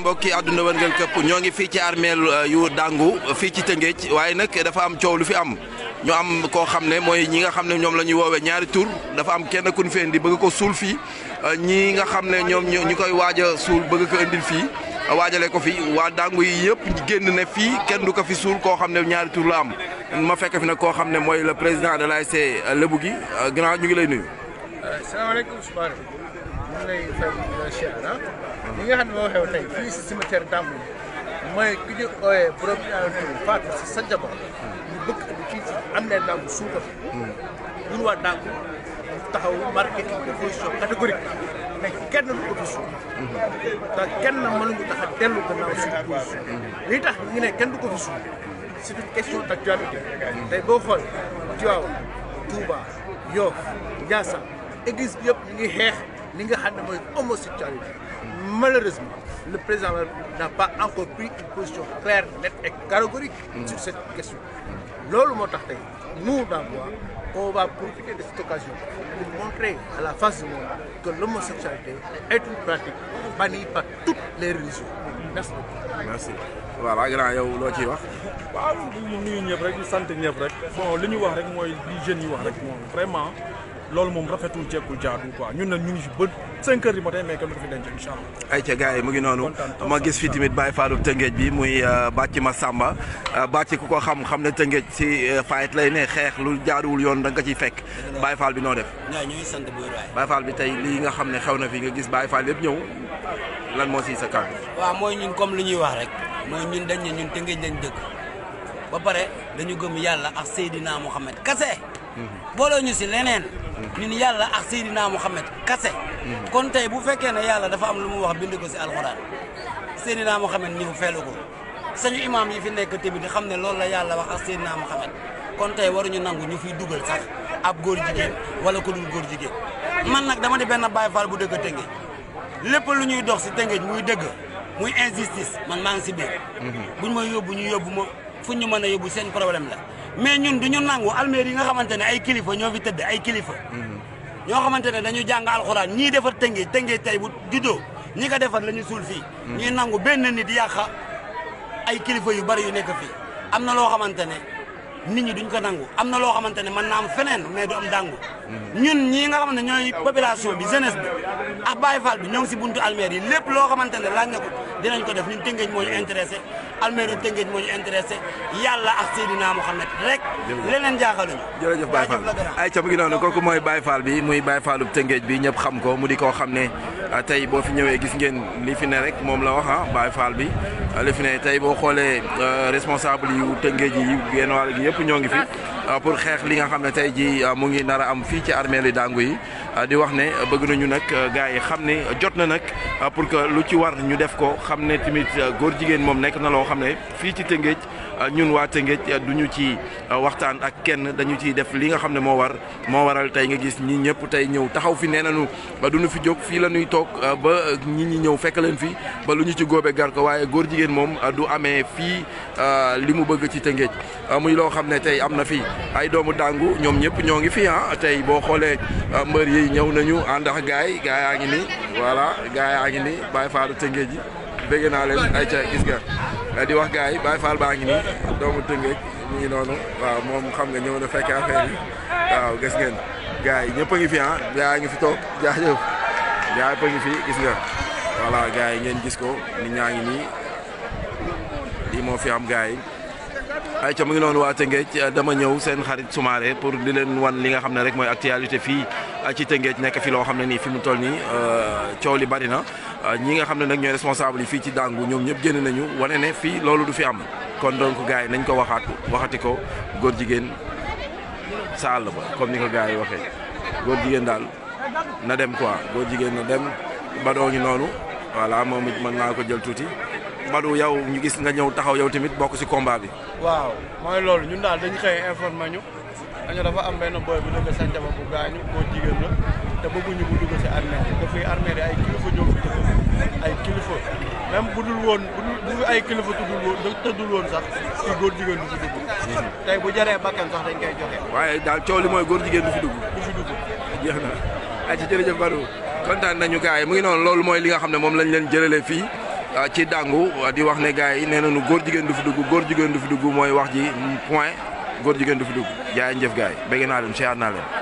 mbokki àdduna wërngal këpp ñoo ngi fii ci armeel euh, yu dàngu fii ci Tëngéej waaye nag dafa am coow lu fi am ñu am koo xam ne mooy ñi nga xam ne ñoom la ñuy woowee ñaari tur dafa am kenn ku ñu fi indi bëgg ko suul fii euh, ñi nga xam ne ñoom ñu koy waaj a suul bëgg ko indil fii waajale ko fi waa dàngu yi yëpp génn ne fii kenn du ko fi suul koo xam ne ñaari tur la am ma fekk fi nag koo xam ne mooy le président de la l'ASC gi euh, grand ñu ngi lay nuyu. salaamaaleykum lay fay cher ah li nga xam ne moo xew tey fii si cimetière Dàmbu mooy ku ñu ooyee borom ñaari tur si sa njaboot ñu a andi fii ci am nañ Dàmbu suuka fi ñun waa Dàmbu taxaw marqué de position catégorique ne kenn du ko suuf te kenn mënuñu tax a dellu gannaaw suñu position li tax ngi ne kenn du ko fi suuf c'est une question d'actualité tey boo xool Tivaouane Touba Yoff Ndiassane église bi yëpp ñu ngi xeex li nga xam ne mooy homosexualité malheureusement le président n'a pas encore pris une position claire nette et catégorique mm. sur question loolu moo tax tey nous d'abord on va profiter de cette occasion pour montrer à la face du monde que l'homosexualité est une par toutes les religions. Merci beaucoup. Merci. voilà grand yow loo ciy wax. waaw ñu nuyu ñëpp rek di sant ñëpp rek bon li ñu wax rek mooy li jeune yi wax rek moom vraiment. loolu moom rafetul jekkul jaadu quoi ñun nag ñu ngi fi ba 5 heures du matin mais kenn du fi denc incha ma gis fi tamit Baye Fallou Tëngéej bi muy euh, Bàcci Massamba euh, Bàcci ku ko xam xam ne Tëngéej si euh, fayet lay ne xeex lu jaaduwul yoon da nga ciy fekk. Baye Fall bi noo def. waaw ñu ngi sant bu wér waay. Baye Fall bi nga xam ne xew na fi nga gis Baye Fall yëpp ñëw lan moo siy sa kàddu. mooy ñun comme lu ñuy wax rek mooy ñun dañ ne ñun Tëngéej lañ dëkk ba pare dañu gëm yàlla ak Seydina Mohamed kase booloo ñu si leneen ñun yàlla ak Seydina Muhammad kase kon tey bu fekkee ne yàlla dafa am lu mu wax bind ko si alxuraan Seydina Muhammad ñëw feelu ko sañu imaam yi fi nekk tamit xam ne loolu la yàlla wax ak Seydina Muhammad kon tey waruñu nangu ñu fiy dugal sax ab góor jigéen wala ko dul góor jigéen man nag dama di benn Baay Faal bu dëgg Tëngéej lépp lu ñuy dox si Tëngéej muy dëgg muy injustice man maa si biir mhm. buñ yóbbu ñu yóbbu ma fu ñu mën a yóbbu seen problème la mais ñun du ñu nangu alméer yi nga xamante ne ay kilifa ñoo fi tëdd ay kilifa. Mm-hmm. ñoo xamante ne dañu jàng alxuraan ñii defar tëngee tëngee tey bu juddoo ñi ko defar la ñu suul fii. Mm-hmm. ñuy nangu benn di yàq ay kilifa yu bari yu nekk fii am na loo xamante ne nit ñi duñ ko nangu am na loo xamante ne mën naa am feneen mais du am dàngu. ñun ñii nga xam ne ñooy population bi jeunesse bi ak Baye Fall bi ñoo si buntu almeer yi lépp loo xamante ne laaj na ko dinañ ko def ñun Tëngéej moo ñu intéressé almeer Tëngéej moo ñu intéressé yàlla ak Seydina Mouhamed rek. leneen jaaxaluñu. jërëjëf Baye Fall ay ca bu ngi noonu kooku mooy Baye Fall bi muy Baye Fallu Tëngéej bi ñëpp xam ko mu di koo xam ne ah, tey boo fi ñëwee gis ngeen li fi ne rek moom la wax ah baay Fall bi ah, li fi ne tey boo xoolee ah, responsable yu Tëngéej yi genn wàll gi yëpp ñoo ngi fi Euh, pour xeex li nga xam ne tey jii euh, mu ngi nar a am fii ci armée li dàngu yi euh, di wax ne bëgg nañu nag gars yi xam ne jot na nag pour que lu ci war ñu def ko xam ne tamit góor jigéen moom nekk na loo xam ne fii ci Tëngéej ñun waa Tëngéej du ñu ci euh, waxtaan ak kenn dañu ciy def li nga xam ne moo war moo waral tey nga gis ñi ñëpp tey ñëw taxaw fi nee nañu du ñu fi jóg fii la ñuy toog euh, ba euh, ñi ñi ñëw fekk leen fi ba lu ñu ci góobee gar ko waaye góor jigéen moom du amee fii li mu bëgg ci Tëngéej muy loo xam ne tey am na fi ay doomu dàngu ñoom ñëpp ñoo ngi fi ah tey boo xoolee mbër yi ñëw nañu àndax gaay gaay yaa ngi nii voilà gaay yaa ngi ni Baye Fallou Tëngéej ji bëgg naa leen ay ca gis nga eh, di wax gars yi Baye Fall baa ngi nii doomu Tëngéej ñu ngi noonu waaw moom xam nga ñëw na fekk affaire yi waaw gis ngeen gars yi ñëpp a ngi fi ah yaa ngi fi toog jaajëf yaa ngi fi gis nga voilà gars yi ngeen gis ko nit ñaa ngi nii moo fi am gars ay ca mu ngi noonu waa Tëngéej dama ñëw seen xarit Soumaré pour di leen wan li nga xam ne rek mooy actualité fii ci Tëngéej nekk fi loo xam ne nii fi mu toll nii euh, coow li bari na ñi nga xam ne nag ñooy responsable yi fii ci dàngu ñoom ñëpp génn nañu wane ne fii loolu du fi am kon donc gars yi nañ ko waxaat waxati ko góor jigéen sa àll ba comme ni ko gars yi waxee góor jigéen daal na dem quoi góor jigéen na dem badoo yi noonu voilà moom it mën naa ko jël tuuti Madou yow ñu gis nga ñëw taxaw yow tamit bokk ci combat bi. waaw mooy loolu ñun daal dañu xëy informé ñu dañu dafa am benn boy bu nekk Sane Diaba bu gaañu boo jigéen la te bëgguñu bu dugg ci armée te fii armée ay kilifa ñoo fi dëkk ay bu dul woon bu dul ay kilifa tuddul woon tëddul woon sax góor jigéen du fi dugg. tey bu jaree bakkan sax dañ koy joxe. waaye daal coow li mooy góor jigéen du fi dugg. du fi dugg jeex na. ay ci jërëjëf Badou kontaan nañu gars yi mu ngi noonu loolu mooy nga xam ne moom lañ leen jëralee fii Ah, ci dàngu ah, di wax ne gars yi na nañu góor jigéen du fi dugg góor jigéen du fi dugg mooy wax ji point góor jigéen du fi dugg jaay njëf gars yi bëgg naa leen siyaat